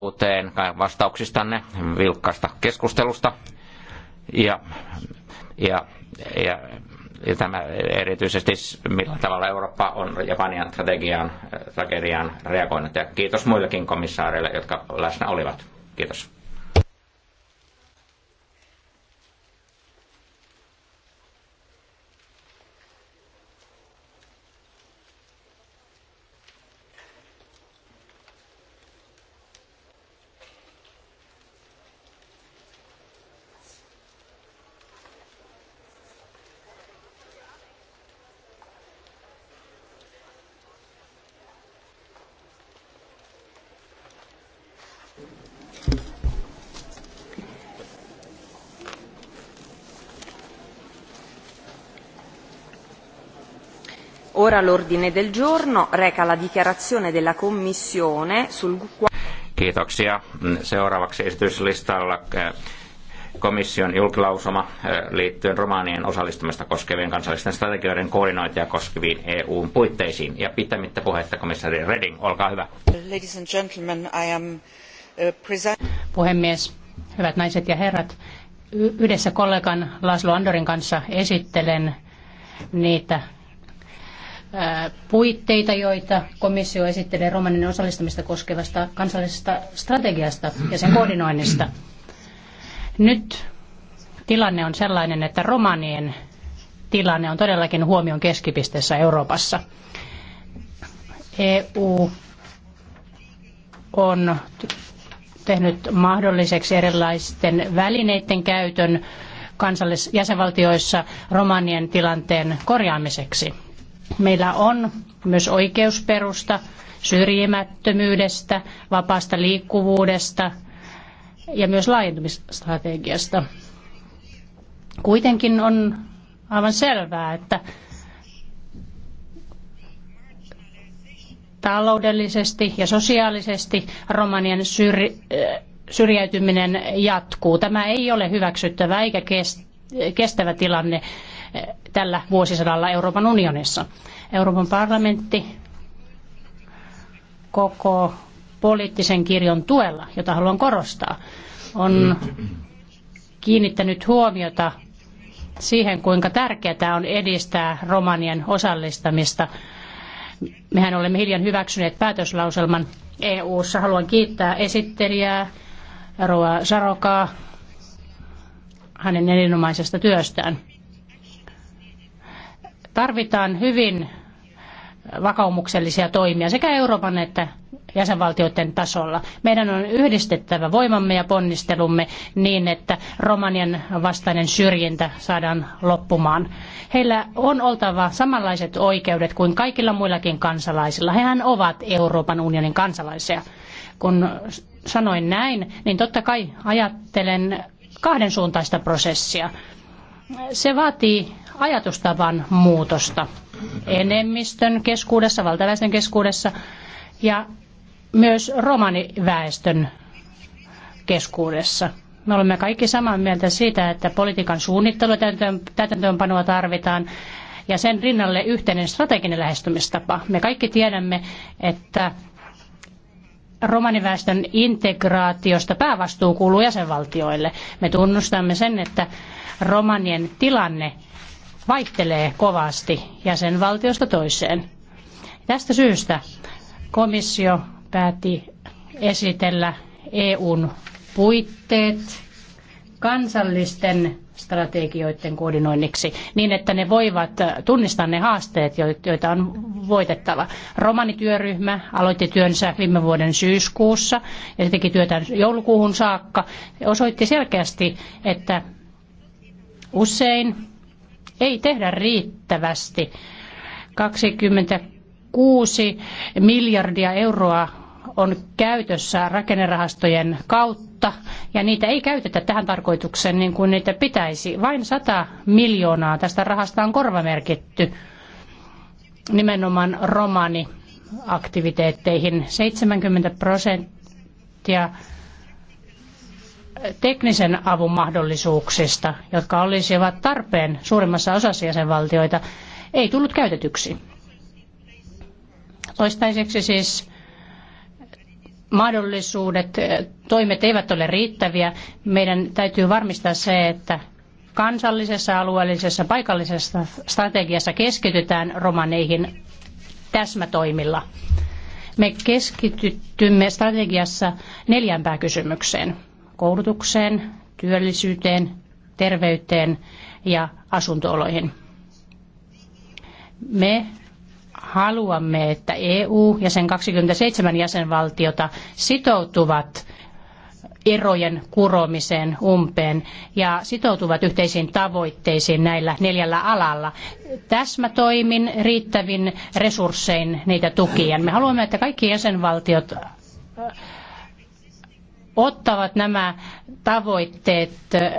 uuteen vastauksistanne, vilkkaasta keskustelusta. Ja, ja, ja, ja tämä erityisesti millä tavalla Eurooppa on Japanian strategiaan, tragediaan reagoinut. Ja kiitos muillekin komissaareille, jotka läsnä olivat. Kiitos. Ora l'ordine del giorno reca la dichiarazione della Commissione sul... Kiitoksia. Mm, seuraavaksi esityslistalla eh, komission julkilausuma eh, liittyen romaanien osallistumista koskevien kansallisten strategioiden koordinointia koskeviin EUn puitteisiin. Ja pitämättä puhetta komissaari Reding, olkaa hyvä. Ladies and gentlemen, I am eh, present... Puhemies, hyvät naiset ja herrat, yhdessä kollegan Laslo Andorin kanssa esittelen niitä puitteita, joita komissio esittelee romanien osallistumista koskevasta kansallisesta strategiasta ja sen koordinoinnista. Nyt tilanne on sellainen, että romanien tilanne on todellakin huomion keskipisteessä Euroopassa. EU on tehnyt mahdolliseksi erilaisten välineiden käytön kansallis- jäsenvaltioissa romanien tilanteen korjaamiseksi. Meillä on myös oikeusperusta syrjimättömyydestä, vapaasta liikkuvuudesta ja myös laajentumisstrategiasta. Kuitenkin on aivan selvää, että taloudellisesti ja sosiaalisesti romanien äh, syrjäytyminen jatkuu. Tämä ei ole hyväksyttävä eikä kestävä tilanne. Eh, tällä vuosisadalla Euroopan unionissa. Euroopan parlamentti koko poliittisen kirjon tuella, jota haluan korostaa, on kiinnittänyt huomiota siihen, kuinka tärkeää on edistää romanien osallistamista. Mehän olemme hiljan hyväksyneet päätöslauselman EU-ssa. Haluan kiittää esittelijää Roa Sarokaa hänen erinomaisesta työstään. Tarvitaan hyvin vakaumuksellisia toimia sekä Euroopan että jäsenvaltioiden tasolla. Meidän on yhdistettävä voimamme ja ponnistelumme niin, että Romanian vastainen syrjintä saadaan loppumaan. Heillä on oltava samanlaiset oikeudet kuin kaikilla muillakin kansalaisilla. Hehän ovat Euroopan unionin kansalaisia. Kun sanoin näin, niin totta kai ajattelen kahden suuntaista prosessia. Se vaatii ajatustavan muutosta enemmistön keskuudessa, valtaväestön keskuudessa ja myös romaniväestön keskuudessa. Me olemme kaikki samaa mieltä siitä, että politiikan suunnittelu ja täytäntöönpanoa tarvitaan ja sen rinnalle yhteinen strateginen lähestymistapa. Me kaikki tiedämme, että romaniväestön integraatiosta päävastuu kuuluu jäsenvaltioille. Me tunnustamme sen, että romanien tilanne vaihtelee kovasti jäsenvaltiosta toiseen. Tästä syystä komissio päätti esitellä EUn puitteet kansallisten strategioiden koordinoinniksi niin, että ne voivat tunnistaa ne haasteet, joita on voitettava. Romanityöryhmä aloitti työnsä viime vuoden syyskuussa ja se teki työtään joulukuuhun saakka. Osoitti selkeästi, että usein ei tehdä riittävästi. 26 miljardia euroa on käytössä rakennerahastojen kautta ja niitä ei käytetä tähän tarkoitukseen niin kuin niitä pitäisi. Vain 100 miljoonaa tästä rahasta on korvamerkitty nimenomaan romani aktiviteetteihin. 70 prosenttia teknisen avun mahdollisuuksista, jotka olisivat tarpeen suurimmassa osassa jäsenvaltioita, ei tullut käytetyksi. Toistaiseksi siis mahdollisuudet, eh, toimet eivät ole riittäviä. Meidän täytyy varmistaa se, että kansallisessa, alueellisessa, paikallisessa strategiassa keskitytään romaneihin täsmätoimilla. Me keskityttymme strategiassa neljään pääkysymykseen koulutukseen, työllisyyteen, terveyteen ja asuntooloihin. Me haluamme, että EU ja sen 27 jäsenvaltiota sitoutuvat erojen kuromiseen umpeen ja sitoutuvat yhteisiin tavoitteisiin näillä neljällä alalla. Täsmätoimin, riittävin resurssein niitä tukien. Me haluamme, että kaikki jäsenvaltiot ottavat nämä tavoitteet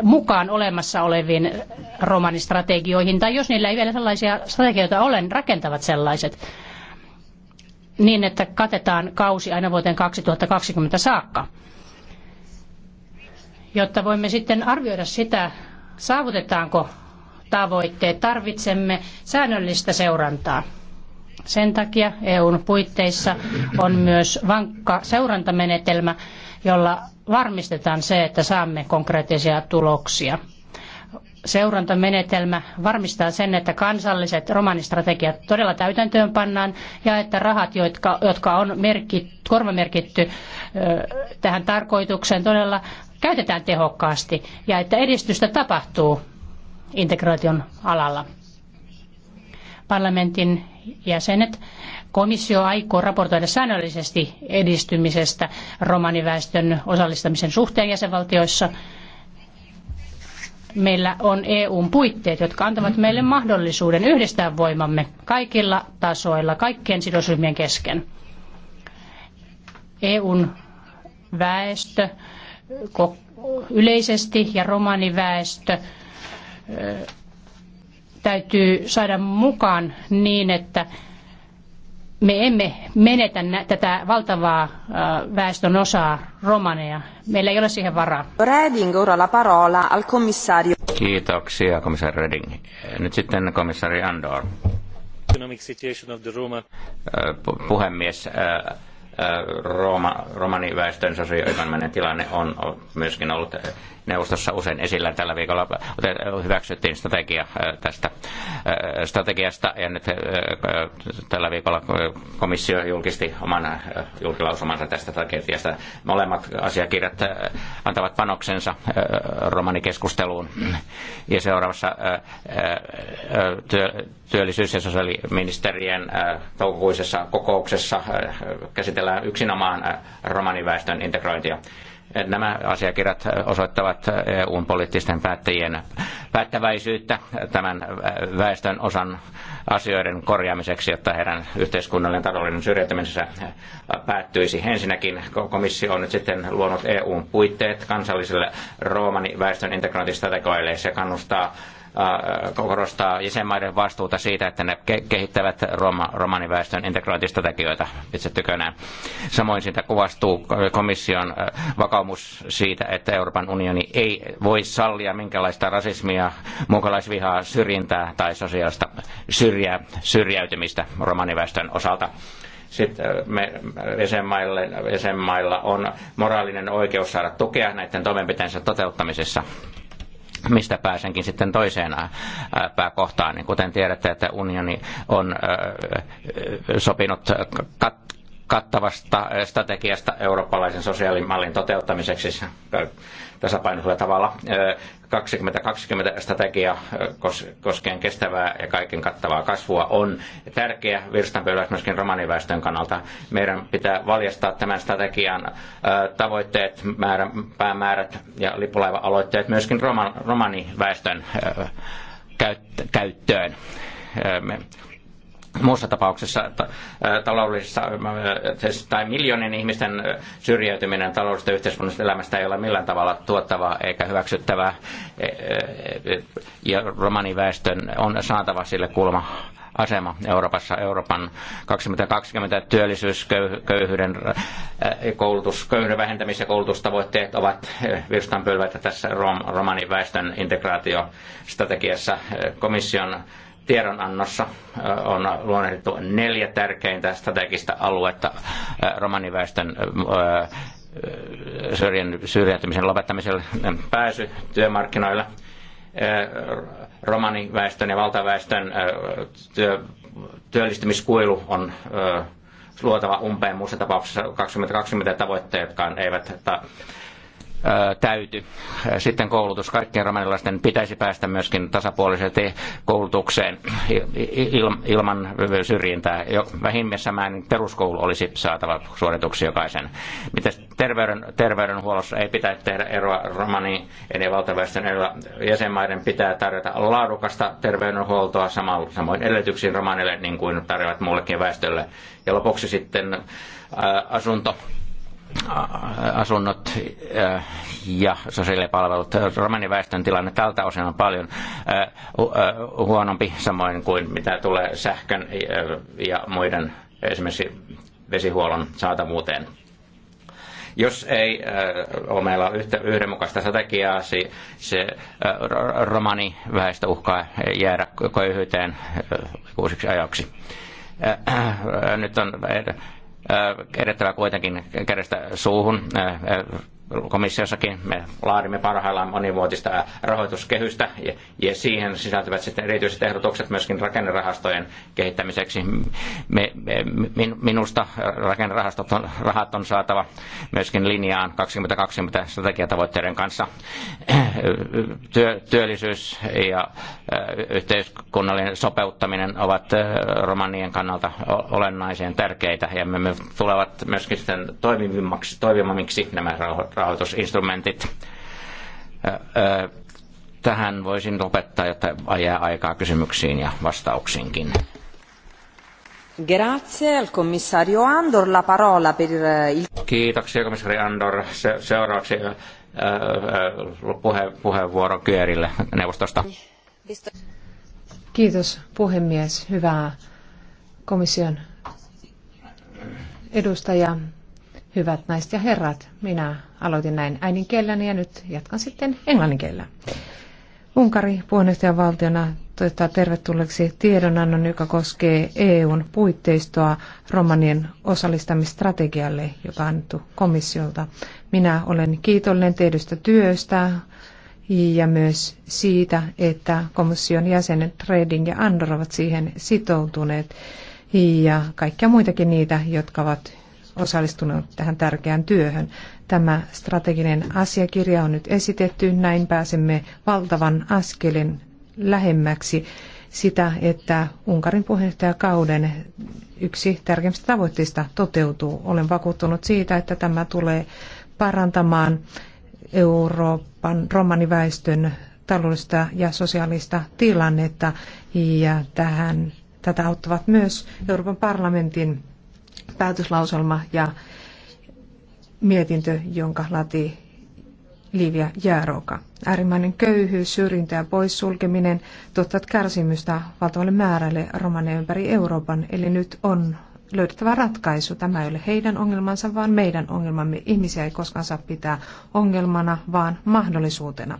mukaan olemassa oleviin romanistrategioihin, tai jos niillä ei vielä sellaisia strategioita ole, niin rakentavat sellaiset niin, että katetaan kausi aina vuoteen 2020 saakka, jotta voimme sitten arvioida sitä, saavutetaanko tavoitteet. Tarvitsemme säännöllistä seurantaa. Sen takia EUn puitteissa on myös vankka seurantamenetelmä, jolla varmistetaan se, että saamme konkreettisia tuloksia. Seurantamenetelmä varmistaa sen, että kansalliset romanistrategiat todella täytäntöön pannaan ja että rahat, jotka, jotka on korvamerkitty tähän tarkoitukseen, todella käytetään tehokkaasti ja että edistystä tapahtuu integraation alalla. Parlamentin jäsenet Komissio aikoo raportoida säännöllisesti edistymisestä romaniväestön osallistamisen suhteen jäsenvaltioissa. Meillä on EUn puitteet, jotka antavat meille mahdollisuuden yhdistää voimamme kaikilla tasoilla, kaikkien sidosryhmien kesken. EUn väestö yleisesti ja romaniväestö täytyy saada mukaan niin, että me emme menetä tätä valtavaa äh, väestön osaa romaneja. Meillä ei ole siihen varaa. Reding, ora la parola al commissario. Kiitoksia, komissaari Reding. Nyt sitten komissaari Andor. Economic situation of the Roma. Äh, puhemies, äh, Roma, romaniväestön sosioekonominen tilanne on myöskin ollut neuvostossa usein esillä. Tällä viikolla hyväksyttiin strategia äh, tästä äh, strategiasta ja nyt äh, tällä viikolla komissio julkisti oman julkilausumansa tästä strategiasta. Molemmat asiakirjat antavat panoksensa romanikeskusteluun ja seuraavassa työllisyys- ja sosiaaliministerien toukokuisessa kokouksessa käsitellään yksinomaan romaniväestön integrointia. Nämä asiakirjat osoittavat EUn poliittisten päättäjien päättäväisyyttä tämän väestön osan asioiden korjaamiseksi, jotta heidän yhteiskunnallinen taloudellinen syrjäytymisensä päättyisi. Ensinnäkin komissio on nyt sitten luonut EUn puitteet kansalliselle roomani väestön integrointistrategioille ja se kannustaa korostaa jäsenmaiden vastuuta siitä, että ne kehittävät roma, romaniväestön integrointistrategioita itse tykönään. Samoin siitä kuvastuu komission vakaumus siitä, että Euroopan unioni ei voi sallia minkälaista rasismia, muukalaisvihaa, syrjintää tai sosiaalista syrjää, syrjäytymistä romaniväestön osalta sitten me jäsenmailla, jäsenmailla on moraalinen oikeus saada tukea näiden toimenpiteensä toteuttamisessa mistä pääsenkin sitten toiseen pääkohtaan. Niin kuten tiedätte, että unioni on sopinut kat- kattavasta strategiasta eurooppalaisen sosiaalimallin toteuttamiseksi siis, tasapainoisella tavalla. 2020 strategia koskien kestävää ja kaiken kattavaa kasvua on tärkeä virstanpöyläys myöskin romaniväestön kannalta. Meidän pitää valjastaa tämän strategian tavoitteet, määrä, päämäärät ja lipulaiva-aloitteet myöskin romaniväestön käyttöön muussa tapauksessa taloudellisessa siis, tai miljoonien ihmisten syrjäytyminen taloudellisesta yhteiskunnallisesta elämästä ei ole millään tavalla tuottavaa eikä hyväksyttävää. E, e, ja romaniväestön on saatava sille kulma asema Euroopassa. Euroopan 2020 työllisyys, köyhyyden, koulutus, köyhyyden vähentämis- ja koulutustavoitteet ovat virstanpylväitä tässä rom, romaniväestön integraatiostrategiassa. Komission tiedonannossa on luonnehdittu neljä tärkeintä strategista aluetta romaniväestön syrjäytymisen lopettamiselle pääsy työmarkkinoille, romaniväestön ja valtaväestön työ, työllistymiskuilu on luotava umpeen muussa tapauksessa 2020 tavoitteet, jotka eivät täyty. Sitten koulutus. Kaikkien romanilaisten pitäisi päästä myöskin tasapuolisesti koulutukseen ilman syrjintää. Jo vähimmässä määrin peruskoulu olisi saatava suorituksi jokaisen. Mitä terveyden, terveydenhuollossa ei pitäisi tehdä eroa romani eli valtaväestön eroa. Jäsenmaiden pitää tarjota laadukasta terveydenhuoltoa samoin edellytyksiin romanille niin kuin tarjoavat muullekin väestölle. Ja lopuksi sitten asunto asunnot äh, ja sosiaalipalvelut. Romaniväestön tilanne tältä osin on paljon äh, äh, huonompi, samoin kuin mitä tulee sähkön ja muiden esimerkiksi vesihuollon saatavuuteen. Jos ei ole meillä yhtä, yhdenmukaista strategiaa, se, se romaniväestö uhkaa jäädä köyhyyteen uusiksi ajaksi. Nyt on edettävä kuitenkin kädestä suuhun komissiossakin me laadimme parhaillaan monivuotista rahoituskehystä ja, siihen sisältyvät sitten erityiset ehdotukset myöskin rakennerahastojen kehittämiseksi. Me, me, min, minusta rakennerahastot on, rahat on saatava myöskin linjaan 2020 strategiatavoitteiden kanssa. Työ, työllisyys ja yhteiskunnallinen sopeuttaminen ovat romanien kannalta olennaisen tärkeitä ja me, me tulevat myöskin sitten toimivimmiksi, toimivammiksi nämä rahoituskehyset rahoitusinstrumentit. Tähän voisin lopettaa, jotta jää aikaa kysymyksiin ja vastauksiinkin. Grazie al commissario Andor. La parola per eh, il... Kiitoksia komissari Andor. Se, seuraavaksi äh, puhe, puheenvuoro Kyörille neuvostosta. Kiitos puhemies. Hyvää komission edustaja. Hyvät naiset ja herrat, minä aloitin näin äidinkielelläni ja nyt jatkan sitten englanninkielellä. Unkari valtiona toivottaa tervetulleeksi tiedonannon, joka koskee EUn puitteistoa romanien osallistamistrategialle, joka on annettu komissiolta. Minä olen kiitollinen tehdystä työstä ja myös siitä, että komission jäsenet Reding ja Andor ovat siihen sitoutuneet ja kaikkia muitakin niitä, jotka ovat osallistunut tähän tärkeään työhön. Tämä strateginen asiakirja on nyt esitetty, näin pääsemme valtavan askelin lähemmäksi sitä, että Unkarin puheenjohtajakauden yksi tärkeimmistä tavoitteista toteutuu. Olen vakuuttunut siitä, että tämä tulee parantamaan Euroopan romaniväestön taloudellista ja sosiaalista tilannetta ja tähän, tätä auttavat myös Euroopan parlamentin päätöslauselma ja mietintö, jonka lati Livia Jääroka. Äärimmäinen köyhyys, syrjintä ja poissulkeminen tuottavat kärsimystä valtavalle määrälle romaneja ympäri Euroopan, eli nyt on löydettävä ratkaisu. Tämä ei ole heidän ongelmansa, vaan meidän ongelmamme. Ihmisiä ei koskaan saa pitää ongelmana, vaan mahdollisuutena.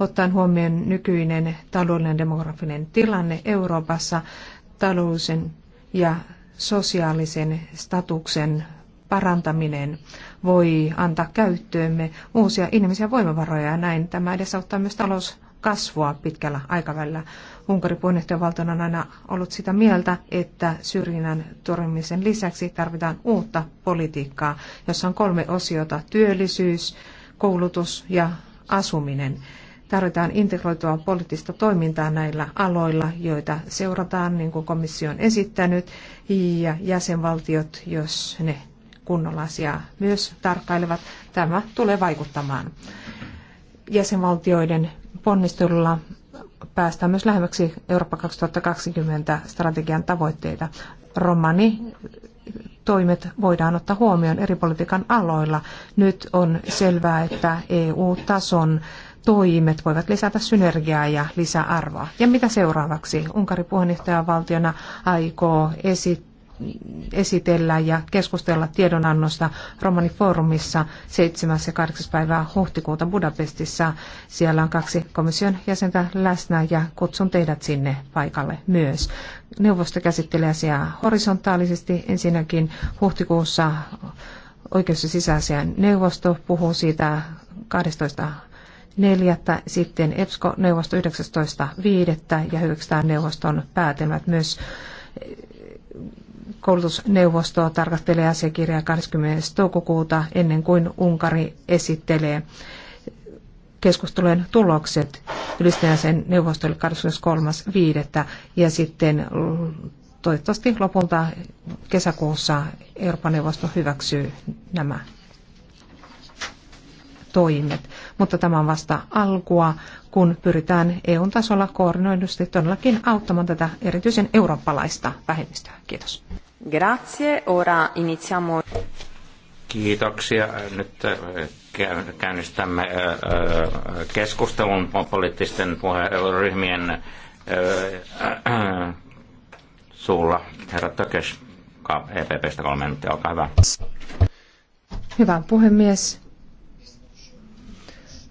Ottaen huomioon nykyinen taloudellinen demografinen tilanne Euroopassa, talousen ja sosiaalisen statuksen parantaminen voi antaa käyttöömme uusia inhimillisiä voimavaroja ja näin tämä edesauttaa myös talouskasvua pitkällä aikavälillä. Unkarin puheenjohtajavaltio on aina ollut sitä mieltä, että syrjinnän torjumisen lisäksi tarvitaan uutta politiikkaa, jossa on kolme osiota, työllisyys, koulutus ja asuminen. Tarvitaan integroitua poliittista toimintaa näillä aloilla, joita seurataan, niin kuin komissio on esittänyt, ja jäsenvaltiot, jos ne kunnolla asiaa myös tarkkailevat, tämä tulee vaikuttamaan. Jäsenvaltioiden ponnistelulla päästään myös lähemmäksi Eurooppa 2020 strategian tavoitteita. Romani toimet voidaan ottaa huomioon eri politiikan aloilla. Nyt on selvää, että EU-tason toimet voivat lisätä synergiaa ja lisäarvoa. Ja mitä seuraavaksi? Unkari puheenjohtajavaltiona aikoo esittää esitellä ja keskustella tiedonannosta Romani-foorumissa 7. ja 8. päivää huhtikuuta Budapestissa. Siellä on kaksi komission jäsentä läsnä ja kutsun teidät sinne paikalle myös. Neuvosto käsittelee asiaa horisontaalisesti. Ensinnäkin huhtikuussa oikeus- ja sisäasian neuvosto puhuu siitä 12 neljättä, sitten EPSCO-neuvosto 19.5. ja hyväksytään neuvoston päätelmät myös koulutusneuvosto tarkastelee asiakirjaa 20. toukokuuta ennen kuin Unkari esittelee keskustelujen tulokset ylistäjäsen neuvostolle 23.5. ja sitten toivottavasti lopulta kesäkuussa Euroopan neuvosto hyväksyy nämä toimet mutta tämä on vasta alkua, kun pyritään EUn tasolla koordinoidusti todellakin auttamaan tätä erityisen eurooppalaista vähemmistöä. Kiitos. Grazie, ora iniziamo. Kiitoksia. Nyt äh, käynnistämme äh, äh, keskustelun poliittisten ryhmien suulla. Herra Tökes, EPPstä kolme minuuttia, olkaa hyvä. Hyvä puhemies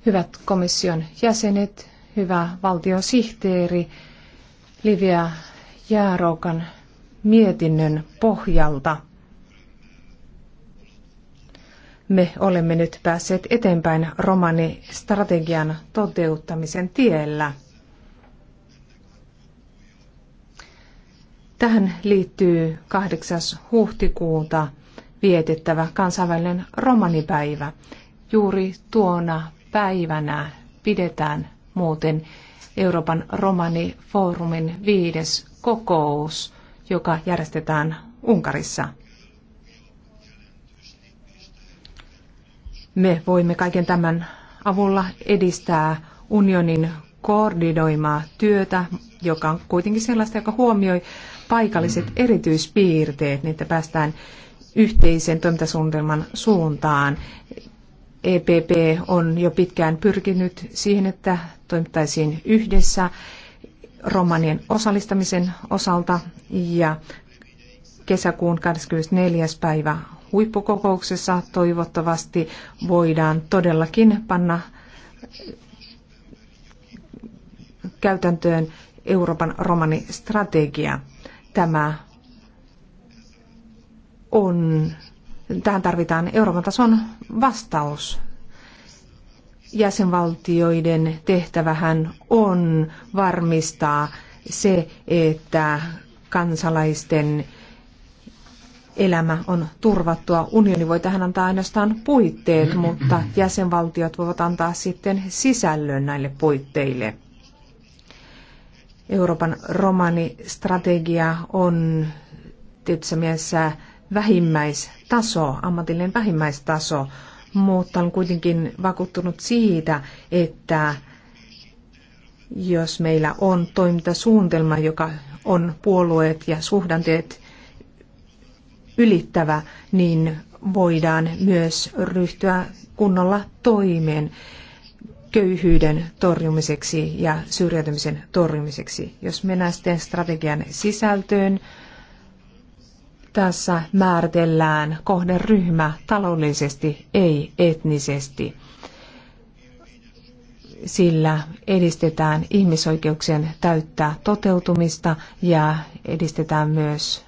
hyvät komission jäsenet, hyvä valtiosihteeri Livia Jääroukan mietinnön pohjalta. Me olemme nyt päässeet eteenpäin romanistrategian toteuttamisen tiellä. Tähän liittyy 8. huhtikuuta vietettävä kansainvälinen romanipäivä. Juuri tuona päivänä pidetään muuten Euroopan romanifoorumin viides kokous, joka järjestetään Unkarissa. Me voimme kaiken tämän avulla edistää unionin koordinoimaa työtä, joka on kuitenkin sellaista, joka huomioi paikalliset erityispiirteet, niin että päästään yhteisen toimintasuunnitelman suuntaan EPP on jo pitkään pyrkinyt siihen, että toimittaisiin yhdessä romanien osallistamisen osalta ja kesäkuun 24. päivä huippukokouksessa toivottavasti voidaan todellakin panna käytäntöön Euroopan romanistrategia. Tämä on Tähän tarvitaan Euroopan tason vastaus. Jäsenvaltioiden tehtävähän on varmistaa se, että kansalaisten elämä on turvattua. Unioni voi tähän antaa ainoastaan puitteet, mutta jäsenvaltiot voivat antaa sitten sisällön näille puitteille. Euroopan romanistrategia on tietyssä mielessä vähimmäistaso, ammatillinen vähimmäistaso, mutta olen kuitenkin vakuuttunut siitä, että jos meillä on toimintasuunnitelma, joka on puolueet ja suhdanteet ylittävä, niin voidaan myös ryhtyä kunnolla toimeen köyhyyden torjumiseksi ja syrjäytymisen torjumiseksi. Jos mennään sitten strategian sisältöön, tässä määritellään kohderyhmä taloudellisesti, ei etnisesti, sillä edistetään ihmisoikeuksien täyttää toteutumista ja edistetään myös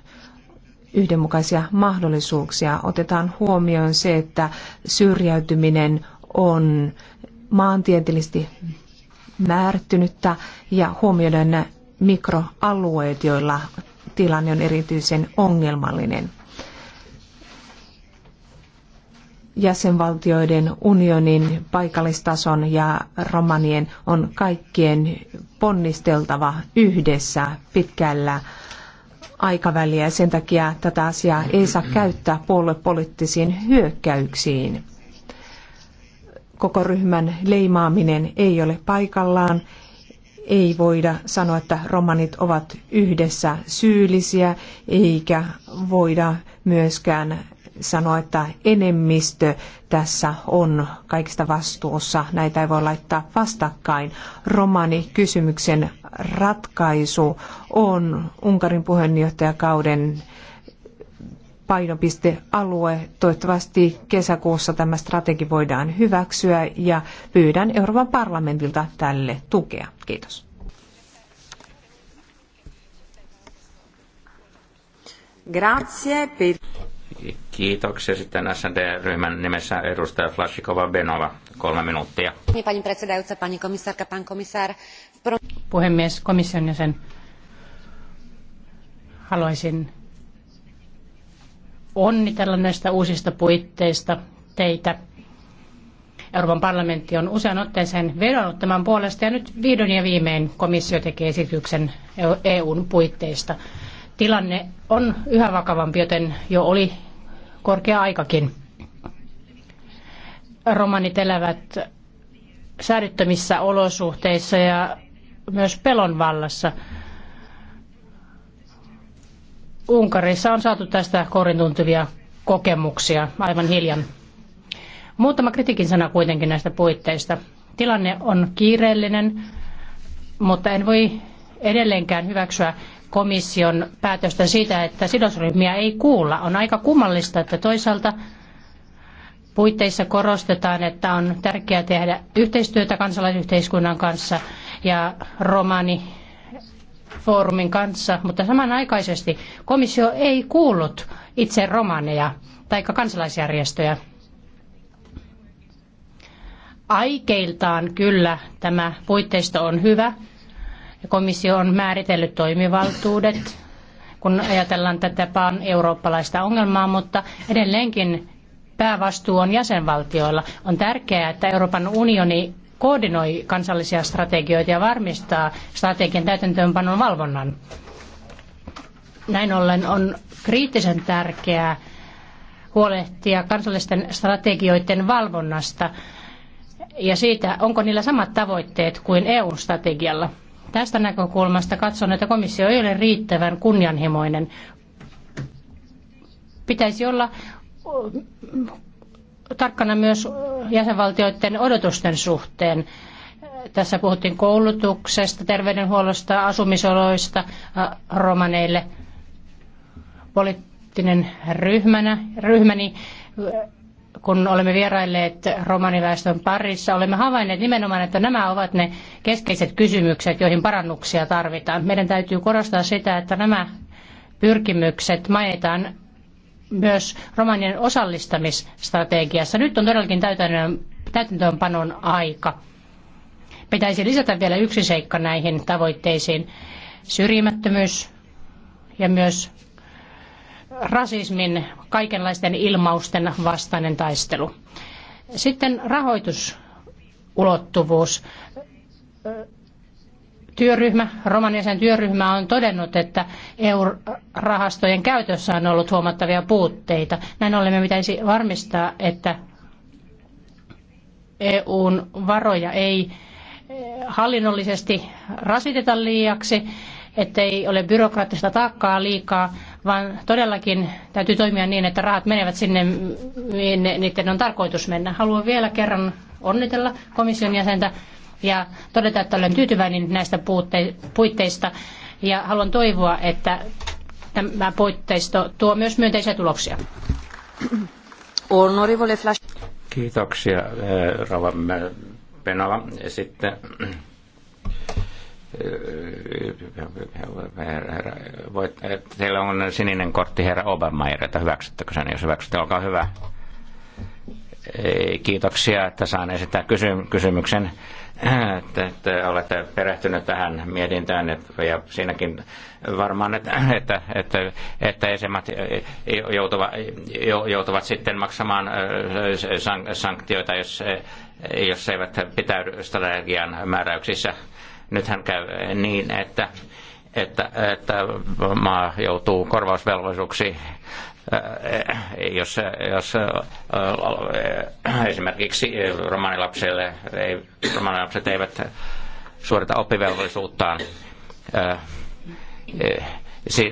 yhdenmukaisia mahdollisuuksia. Otetaan huomioon se, että syrjäytyminen on maantieteellisesti määrittynyttä ja huomioidaan mikroalueet, joilla tilanne on erityisen ongelmallinen. Jäsenvaltioiden, unionin, paikallistason ja romanien on kaikkien ponnisteltava yhdessä pitkällä aikaväliä sen takia tätä asiaa ei saa käyttää puoluepoliittisiin hyökkäyksiin. Koko ryhmän leimaaminen ei ole paikallaan ei voida sanoa, että romanit ovat yhdessä syyllisiä, eikä voida myöskään sanoa, että enemmistö tässä on kaikista vastuussa. Näitä ei voi laittaa vastakkain. Romani kysymyksen ratkaisu on Unkarin puheenjohtajakauden painopistealue. Toivottavasti kesäkuussa tämä strategi voidaan hyväksyä ja pyydän Euroopan parlamentilta tälle tukea. Kiitos. Grazie per... Kiitoksia sitten SND-ryhmän nimessä edustaja Flashikova Benova. Kolme minuuttia. Niin, pani predsedajúca, pani komisárka, pan Puhemies, komission jäsen. Haluaisin onnitella näistä uusista puitteista teitä. Euroopan parlamentti on usean otteeseen vedonnut tämän puolesta ja nyt vihdoin ja viimein komissio tekee esityksen EUn puitteista. Tilanne on yhä vakavampi, joten jo oli korkea aikakin. Romanit elävät säädyttömissä olosuhteissa ja myös pelon vallassa. Unkarissa on saatu tästä korin tuntuvia kokemuksia aivan hiljan. Muutama kritiikin sana kuitenkin näistä puitteista. Tilanne on kiireellinen, mutta en voi edelleenkään hyväksyä komission päätöstä siitä, että sidosryhmiä ei kuulla. On aika kummallista, että toisaalta puitteissa korostetaan, että on tärkeää tehdä yhteistyötä kansalaisyhteiskunnan kanssa ja romani foorumin kanssa, mutta samanaikaisesti komissio ei kuullut itse romaneja tai kansalaisjärjestöjä. Aikeiltaan kyllä tämä puitteisto on hyvä. Komissio on määritellyt toimivaltuudet, kun ajatellaan tätä pan-eurooppalaista ongelmaa, mutta edelleenkin päävastuu on jäsenvaltioilla. On tärkeää, että Euroopan unioni koordinoi kansallisia strategioita ja varmistaa strategian täytäntöönpanon valvonnan. Näin ollen on kriittisen tärkeää huolehtia kansallisten strategioiden valvonnasta ja siitä, onko niillä samat tavoitteet kuin EU-strategialla. Tästä näkökulmasta katson, että komissio ei ole riittävän kunnianhimoinen. Pitäisi olla tarkkana myös jäsenvaltioiden odotusten suhteen. Tässä puhuttiin koulutuksesta, terveydenhuollosta, asumisoloista romaneille. Poliittinen ryhmänä, ryhmäni, kun olemme vierailleet romaniväestön parissa, olemme havainneet nimenomaan, että nämä ovat ne keskeiset kysymykset, joihin parannuksia tarvitaan. Meidän täytyy korostaa sitä, että nämä pyrkimykset mainitaan myös romanien osallistamisstrategiassa. Nyt on todellakin täytäntöönpanon aika. Pitäisi lisätä vielä yksi seikka näihin tavoitteisiin. Syrjimättömyys ja myös rasismin kaikenlaisten ilmausten vastainen taistelu. Sitten rahoitusulottuvuus työryhmä, romaniaisen työryhmä on todennut, että EU-rahastojen käytössä on ollut huomattavia puutteita. Näin ollen me pitäisi varmistaa, että EUn varoja ei eh, hallinnollisesti rasiteta liiaksi, ettei ole byrokraattista taakkaa liikaa, vaan todellakin täytyy toimia niin, että rahat menevät sinne, minne niiden on tarkoitus mennä. Haluan vielä kerran onnitella komission jäsentä ja todeta, että olen tyytyväinen näistä puitteista ja haluan toivoa, että tämä puitteisto tuo myös myönteisiä tuloksia. Honorable Flash. Kiitoksia, eh, Rava Penala. Sitten eh, voit, eh, teillä on sininen kortti herra Obermeierilta. Hyväksyttekö sen? Jos hyväksytte, olkaa hyvä. Kiitoksia, että saan esittää kysymyksen että, että olette perehtyneet tähän mietintään että, ja siinäkin varmaan, että, että, että, että esimät joutuvat, joutuvat sitten maksamaan sanktioita, jos, jos eivät pitäydy strategian määräyksissä. Nythän käy niin, että että, että maa joutuu korvausvelvollisuuksi jos, jos esimerkiksi romanilapsille, ei, romanilapset eivät suorita oppivelvollisuuttaan,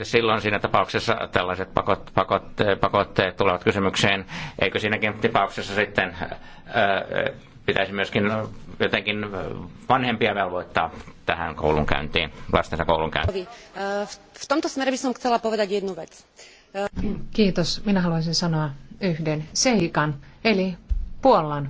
silloin siinä tapauksessa tällaiset pakot, pakot, pakotteet tulevat kysymykseen. Eikö siinäkin tapauksessa sitten pitäisi myöskin jotenkin vanhempia velvoittaa tähän koulunkäyntiin, lastensa koulunkäyntiin? V tomto smere by som chcela povedať jednu vec Kiitos. Minä haluaisin sanoa yhden seikan, eli Puolan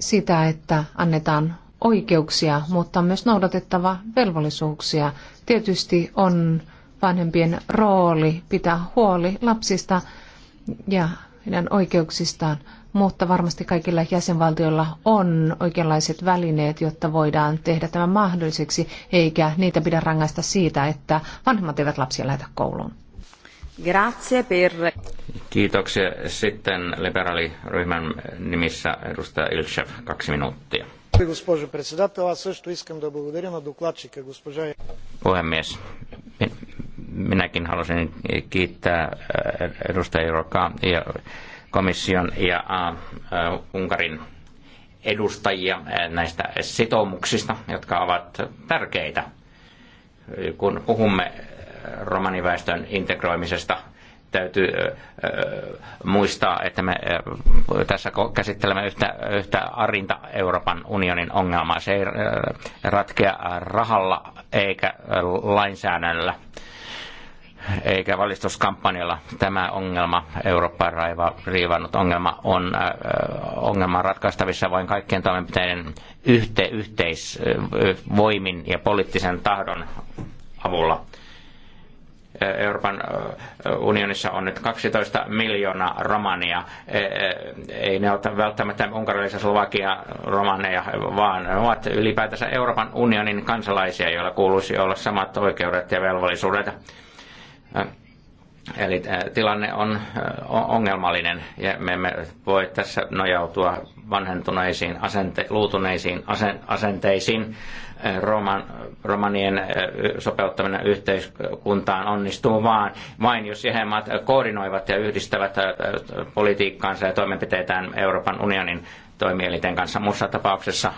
sitä, että annetaan oikeuksia, mutta on myös noudatettava velvollisuuksia. Tietysti on vanhempien rooli pitää huoli lapsista ja heidän oikeuksistaan, mutta varmasti kaikilla jäsenvaltioilla on oikeanlaiset välineet, jotta voidaan tehdä tämä mahdolliseksi, eikä niitä pidä rangaista siitä, että vanhemmat eivät lapsia lähetä kouluun. Grazie per... Kiitoksia. Sitten liberaaliryhmän nimissä edustaja Ilchev, kaksi minuuttia. Puhemies, Minäkin haluaisin kiittää eh, edustaja Jorka ja komission ja eh, Unkarin edustajia eh, näistä sitoumuksista, jotka ovat tärkeitä. Kun puhumme romaniväestön integroimisesta, täytyy muistaa, että me tässä käsittelemme yhtä, yhtä arinta Euroopan unionin ongelmaa. Se ei ratkea rahalla eikä lainsäädännöllä eikä valistuskampanjalla. Tämä ongelma, Eurooppaan raiva, riivannut ongelma, on äh, äh ongelma ratkaistavissa vain kaikkien toimenpiteiden yhte, yhteisvoimin äh, ja poliittisen tahdon avulla. Äh, Euroopan unionissa on nyt 12 miljoonaa romania. Ei ne ole välttämättä unkarilaisia, slovakia romaneja, vaan ne ovat ylipäätänsä Euroopan unionin kansalaisia, joilla kuuluisi olla samat oikeudet ja velvollisuudet Eli tilanne on ongelmallinen ja me emme voi tässä nojautua vanhentuneisiin, asente, luutuneisiin asenteisiin. Roman, romanien sopeuttaminen yhteiskuntaan onnistuu vaan, vain jos jäsenmaat koordinoivat ja yhdistävät politiikkaansa ja toimenpiteitään Euroopan unionin toimielinten kanssa. Muussa tapauksessa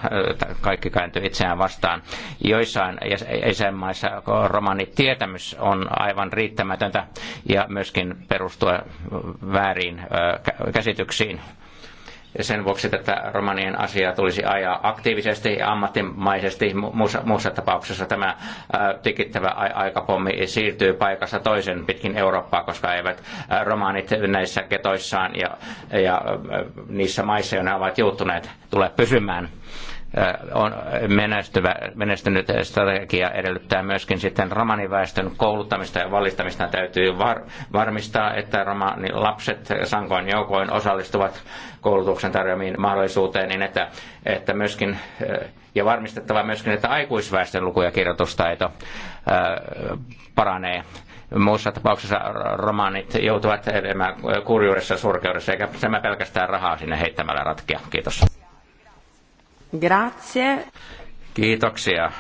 kaikki kääntyy itseään vastaan. Joissain jäsenmaissa romanitietämys on aivan riittämätöntä ja myöskin perustuu väärin käsityksiin ja sen vuoksi tätä romanien asiaa tulisi ajaa aktiivisesti ja ammattimaisesti. Muussa, muussa tapauksessa tämä ää, tikittävä aikapommi siirtyy paikassa toisen pitkin Eurooppaa, koska eivät ää, romaanit näissä ketoissaan ja, ja ää, niissä maissa, joina ovat juuttuneet, tule pysymään on menestyvä, menestynyt strategia edellyttää myöskin sitten romaniväestön kouluttamista ja valistamista. Täytyy var, varmistaa, että romanilapset sankoin joukoin osallistuvat koulutuksen tarjoamiin mahdollisuuteen, niin että, että myöskin, ja varmistettava myöskin, että aikuisväestön luku- ja kirjoitustaito paranee muussa tapauksessa romaanit joutuvat elämään kurjuudessa ja surkeudessa, eikä se pelkästään rahaa sinne heittämällä ratkea. Kiitos. Grazie. Kiitoksia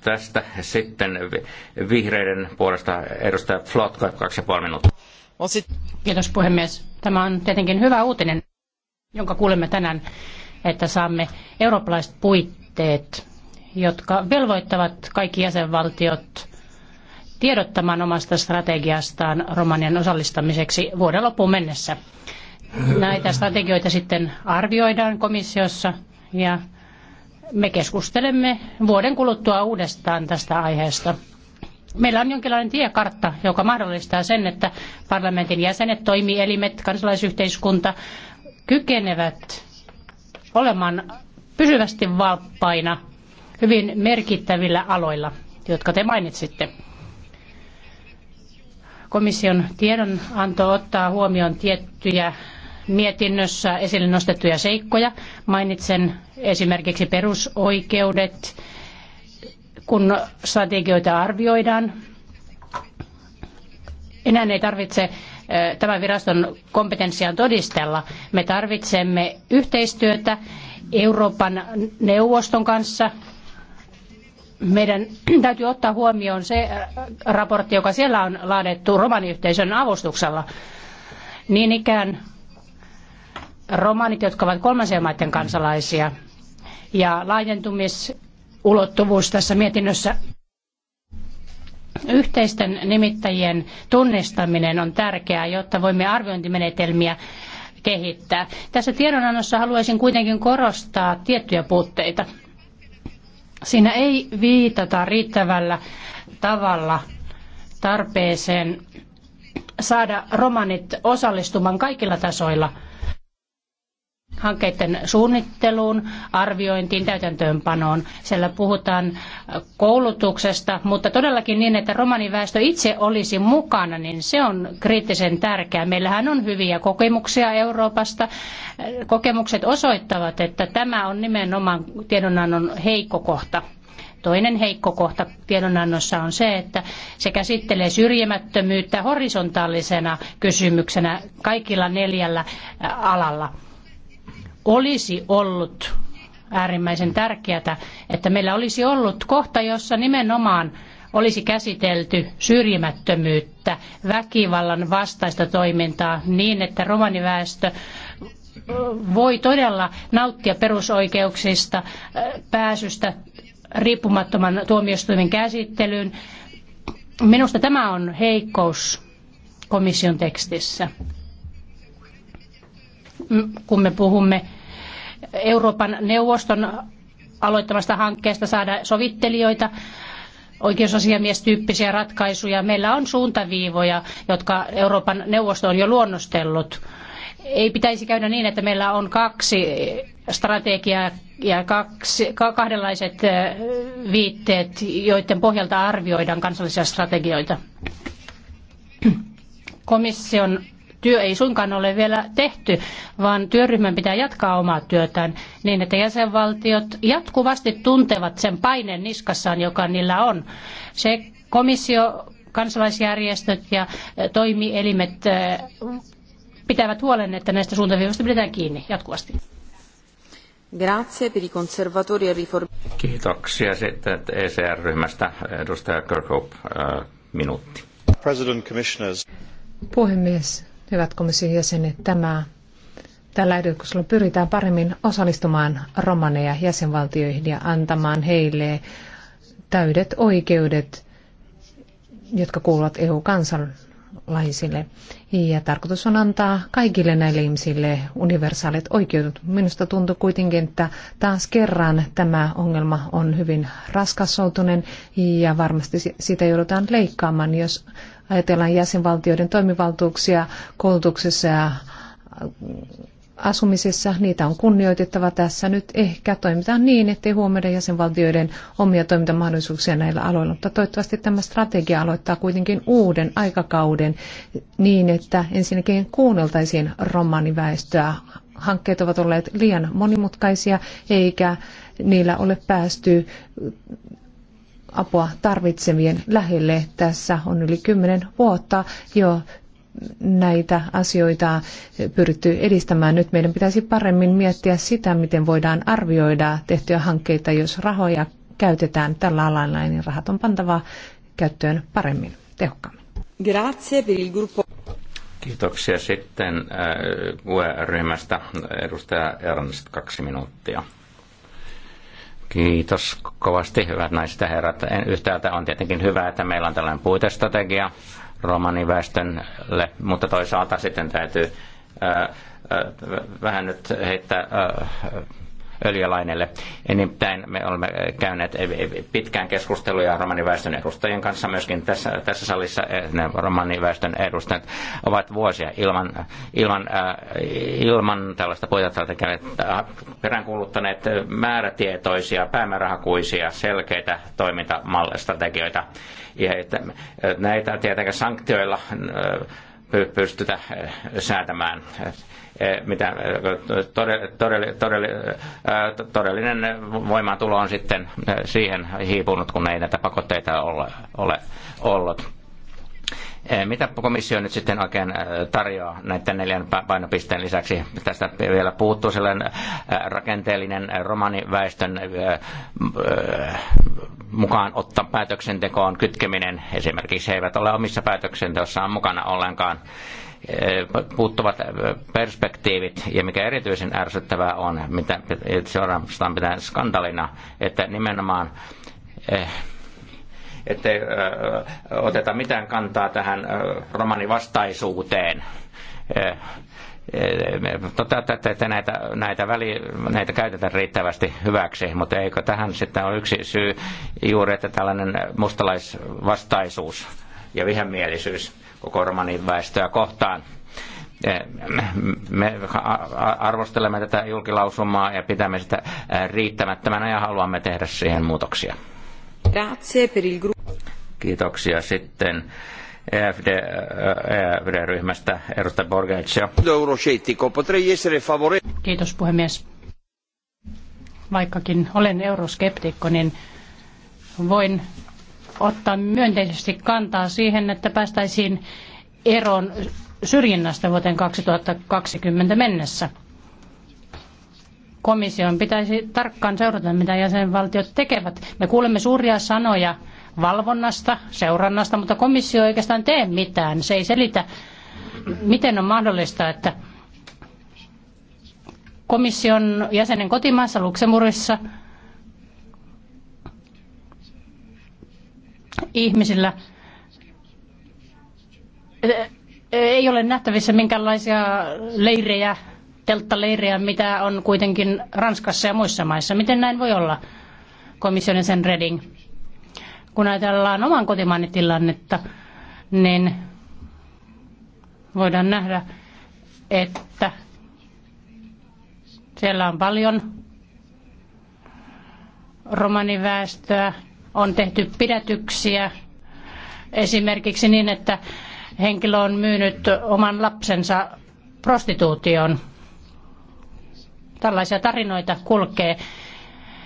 tästä. Sitten vihreiden puolesta edustaja Flotko, kaksi ja puoli minuuttia. Kiitos puhemies. Tämä on tietenkin hyvä uutinen, jonka kuulemme tänään, että saamme eurooppalaiset puitteet, jotka velvoittavat kaikki jäsenvaltiot tiedottamaan omasta strategiastaan Romanian osallistamiseksi vuoden loppuun mennessä. Näitä strategioita sitten arvioidaan komissiossa ja me keskustelemme vuoden kuluttua uudestaan tästä aiheesta. Meillä on jonkinlainen tiekartta, joka mahdollistaa sen, että parlamentin jäsenet, toimielimet, kansalaisyhteiskunta kykenevät olemaan pysyvästi valppaina hyvin merkittävillä aloilla, jotka te mainitsitte. Komission tiedonanto ottaa huomioon tiettyjä mietinnössä esille nostettuja seikkoja. Mainitsen esimerkiksi perusoikeudet, kun strategioita arvioidaan. Enää ei tarvitse tämän viraston kompetenssia todistella. Me tarvitsemme yhteistyötä Euroopan neuvoston kanssa. Meidän täytyy ottaa huomioon se raportti, joka siellä on laadittu romaniyhteisön avustuksella. Niin ikään romanit, jotka ovat kolmansien maiden kansalaisia. Ja laajentumisulottuvuus tässä mietinnössä Yhteisten nimittäjien tunnistaminen on tärkeää, jotta voimme arviointimenetelmiä kehittää. Tässä tiedonannossa haluaisin kuitenkin korostaa tiettyjä puutteita. Siinä ei viitata riittävällä tavalla tarpeeseen saada romanit osallistumaan kaikilla tasoilla – hankkeiden suunnitteluun, arviointiin, täytäntöönpanoon. Siellä puhutaan koulutuksesta, mutta todellakin niin, että romaniväestö itse olisi mukana, niin se on kriittisen tärkeää. Meillähän on hyviä kokemuksia Euroopasta. Kokemukset osoittavat, että tämä on nimenomaan tiedonannon heikko kohta. Toinen heikko kohta tiedonannossa on se, että se käsittelee syrjimättömyyttä horisontaalisena kysymyksenä kaikilla neljällä alalla olisi ollut äärimmäisen tärkeää, että meillä olisi ollut kohta, jossa nimenomaan olisi käsitelty syrjimättömyyttä, väkivallan vastaista toimintaa niin, että romaniväestö voi todella nauttia perusoikeuksista, pääsystä riippumattoman tuomioistuimen käsittelyyn. Minusta tämä on heikkous komission tekstissä. Kun me puhumme Euroopan neuvoston aloittamasta hankkeesta saada sovittelijoita, oikeusasiamiestyyppisiä ratkaisuja. Meillä on suuntaviivoja, jotka Euroopan neuvosto on jo luonnostellut. Ei pitäisi käydä niin, että meillä on kaksi strategiaa ja kaksi, kahdenlaiset viitteet, joiden pohjalta arvioidaan kansallisia strategioita. Komission työ ei suinkaan ole vielä tehty, vaan työryhmän pitää jatkaa omaa työtään niin, että jäsenvaltiot jatkuvasti tuntevat sen paineen niskassaan, joka niillä on. Se komissio, kansalaisjärjestöt ja eh, toimielimet eh, pitävät huolen, että näistä suuntaviivoista pidetään kiinni jatkuvasti. Grazie per i conservatori e Kiitoksia sitten ECR-ryhmästä. Edustaja Kirkhope, eh, minuutti. President, Puhemies, hyvät komission jäsenet, tämä Tällä ehdotuksella pyritään paremmin osallistumaan romaneja jäsenvaltioihin ja antamaan heille täydet oikeudet, jotka kuuluvat EU-kansalaisille. Ja tarkoitus on antaa kaikille näille ihmisille universaalit oikeudet. Minusta tuntuu kuitenkin, että taas kerran tämä ongelma on hyvin raskassoutunen ja varmasti sitä joudutaan leikkaamaan, jos ajatellaan jäsenvaltioiden toimivaltuuksia koulutuksessa ja äh, asumisessa, niitä on kunnioitettava tässä nyt ehkä toimitaan niin, ettei huomioida jäsenvaltioiden omia toimintamahdollisuuksia näillä aloilla, mutta toivottavasti tämä strategia aloittaa kuitenkin uuden aikakauden niin, että ensinnäkin kuunneltaisiin romaniväestöä. Hankkeet ovat olleet liian monimutkaisia eikä niillä ole päästy apua tarvitsevien lähelle. Tässä on yli kymmenen vuotta jo näitä asioita pyritty edistämään. Nyt meidän pitäisi paremmin miettiä sitä, miten voidaan arvioida tehtyjä hankkeita, jos rahoja käytetään tällä alalla, niin rahat on pantava käyttöön paremmin, tehokkaammin. Grazie per il gruppo. Kiitoksia sitten QE-ryhmästä. Äh, Edustaja Ernst, kaksi minuuttia. Kiitos kovasti, hyvät naiset ja herrat. Yhtäältä on tietenkin hyvä, että meillä on tällainen puitestrategia romaniväestölle, mutta toisaalta sitten täytyy vähän nyt heittää öljylainelle. Nimittäin me olemme eh, käyneet eh, pitkään keskusteluja romaniväestön edustajien kanssa myöskin tässä, tässä salissa. Eh, ne romaniväestön edustajat ovat vuosia ilman, ilman, ilman tällaista pohjatrategiaa peräänkuuluttaneet määrätietoisia, päämäärähakuisia, selkeitä toimintamallistrategioita. Ja että näitä tietenkin sanktioilla pystytä eh, säätämään. Eh, mitä eh, todellinen voimaantulo on sitten siihen hiipunut, kun ei näitä pakotteita ole ollut. Eh, mitä komissio nyt sitten oikein eh, tarjoaa näiden neljän painopisteen lisäksi? Tästä vielä puuttuu sellainen eh, rakenteellinen romaniväestön mukaan ottaa päätöksentekoon kytkeminen. Esimerkiksi he eivät ole omissa päätöksenteossaan mukana ollenkaan puuttuvat perspektiivit ja mikä erityisen ärsyttävää on, mitä seuraavastaan pitää skandalina, että nimenomaan ettei oteta mitään kantaa tähän romanivastaisuuteen totta, että, että näitä, näitä, väli, näitä käytetään riittävästi hyväksi, mutta eikö tähän sitten ole yksi syy juuri, että tällainen mustalaisvastaisuus ja vihamielisyys koko romanin väestöä kohtaan. Me arvostelemme tätä julkilausumaa ja pitämme sitä riittämättömänä ja haluamme tehdä siihen muutoksia. Kiitoksia sitten EFD-ryhmästä e EFD edustaja Borgaccia. Kiitos puhemies. Vaikkakin olen euroskeptikko, niin voin ottaa myönteisesti kantaa siihen, että päästäisiin eroon syrjinnästä vuoteen 2020 mennessä. Komission pitäisi tarkkaan seurata, mitä jäsenvaltiot tekevät. Me kuulemme suuria sanoja valvonnasta, seurannasta, mutta komissio ei oikeastaan tee mitään. Se ei selitä, miten on mahdollista, että komission jäsenen kotimaassa Luxemburgissa ihmisillä ei ole nähtävissä minkäänlaisia leirejä, telttaleirejä, mitä on kuitenkin Ranskassa ja muissa maissa. Miten näin voi olla, komission sen Reding? kun ajatellaan oman kotimaani tilannetta, niin voidaan nähdä, että siellä on paljon romaniväestöä, on tehty pidätyksiä esimerkiksi niin, että henkilö on myynyt oman lapsensa prostituutioon. Tällaisia tarinoita kulkee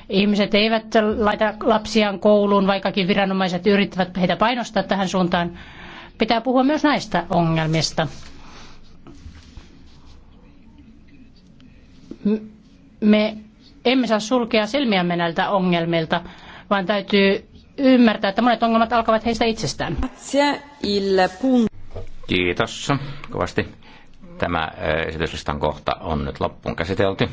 Ihmiset eivät laita lapsiaan kouluun, vaikkakin viranomaiset yrittävät heitä painostaa tähän suuntaan. Pitää puhua myös näistä ongelmista. Me emme saa sulkea silmiämme näiltä ongelmilta, vaan täytyy ymmärtää, että monet ongelmat alkavat heistä itsestään. Kiitos kovasti. Tämä esityslistan kohta on nyt loppuun käsitelty.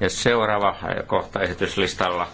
Ja seuraava kohta esityslistalla